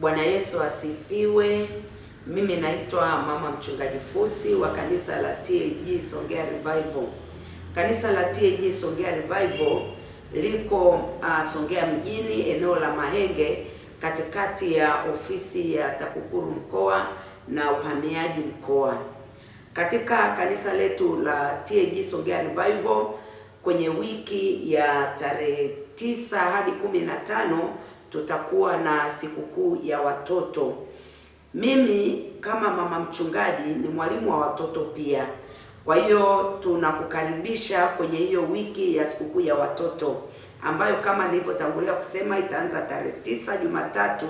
Bwana Yesu asifiwe. Mimi naitwa mama mchungaji Fusi wa kanisa la TAG Songea Revival. Kanisa la TAG Songea Revival liko uh, Songea mjini eneo la Mahenge katikati ya ofisi ya TAKUKURU mkoa na uhamiaji mkoa. Katika kanisa letu la TAG Songea Revival kwenye wiki ya tarehe tisa hadi kumi na tano tutakuwa na sikukuu ya watoto. Mimi kama mama mchungaji ni mwalimu wa watoto pia, kwa hiyo tunakukaribisha kwenye hiyo wiki ya sikukuu ya watoto ambayo kama nilivyotangulia kusema itaanza tarehe tisa Jumatatu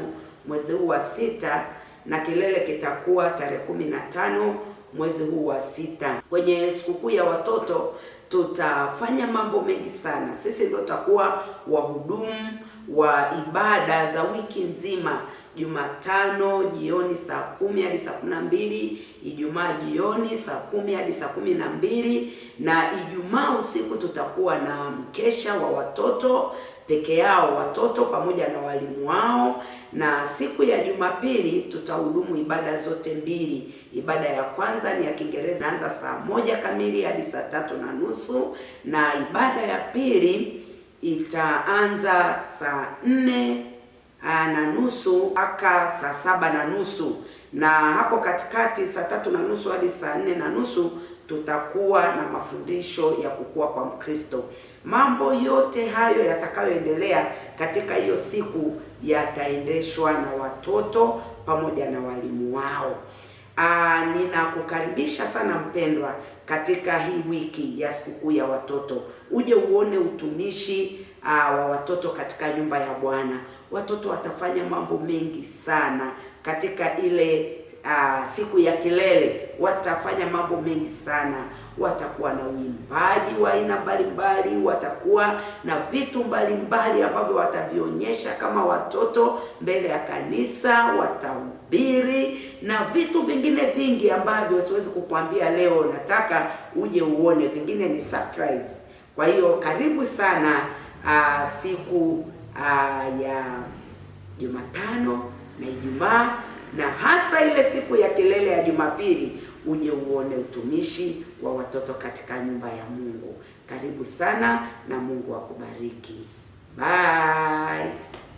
mwezi huu wa sita na kilele kitakuwa tarehe kumi na tano mwezi huu wa sita. Kwenye sikukuu ya watoto tutafanya mambo mengi sana. Sisi ndio tutakuwa wahudumu wa ibada za wiki nzima, Jumatano jioni saa kumi hadi saa kumi na mbili, Ijumaa jioni saa kumi hadi saa kumi na mbili, na Ijumaa usiku tutakuwa na mkesha wa watoto peke yao watoto pamoja na walimu wao, na siku ya Jumapili tutahudumu ibada zote mbili. Ibada ya kwanza ni ya Kiingereza, inaanza saa moja kamili hadi saa tatu na nusu na ibada ya pili itaanza saa nne Ah, na nusu mpaka saa saba na nusu na hapo katikati saa tatu na nusu hadi saa nne na nusu tutakuwa na mafundisho ya kukua kwa Mkristo. Mambo yote hayo yatakayoendelea katika hiyo siku yataendeshwa na watoto pamoja na walimu wao. Aa, ah, ninakukaribisha sana mpendwa katika hii wiki ya sikukuu ya watoto uje uone utumishi aa, ah, wa watoto katika nyumba ya Bwana. Watoto watafanya mambo mengi sana katika ile aa, ah, siku ya kilele watafanya mambo mengi sana. Watakuwa na uimbaji wa aina mbalimbali, watakuwa na vitu mbalimbali ambavyo watavionyesha kama watoto mbele ya kanisa, watahubiri na vitu vingine vingi ambavyo siwezi kukwambia leo. Nataka uje uone, vingine ni surprise. Kwa hiyo karibu sana aa, ah, siku aa, ah, ya Jumatano na Ijumaa na hasa ile siku ya kilele ya Jumapili uje uone utumishi wa watoto katika nyumba ya Mungu. Karibu sana na Mungu akubariki. Bye.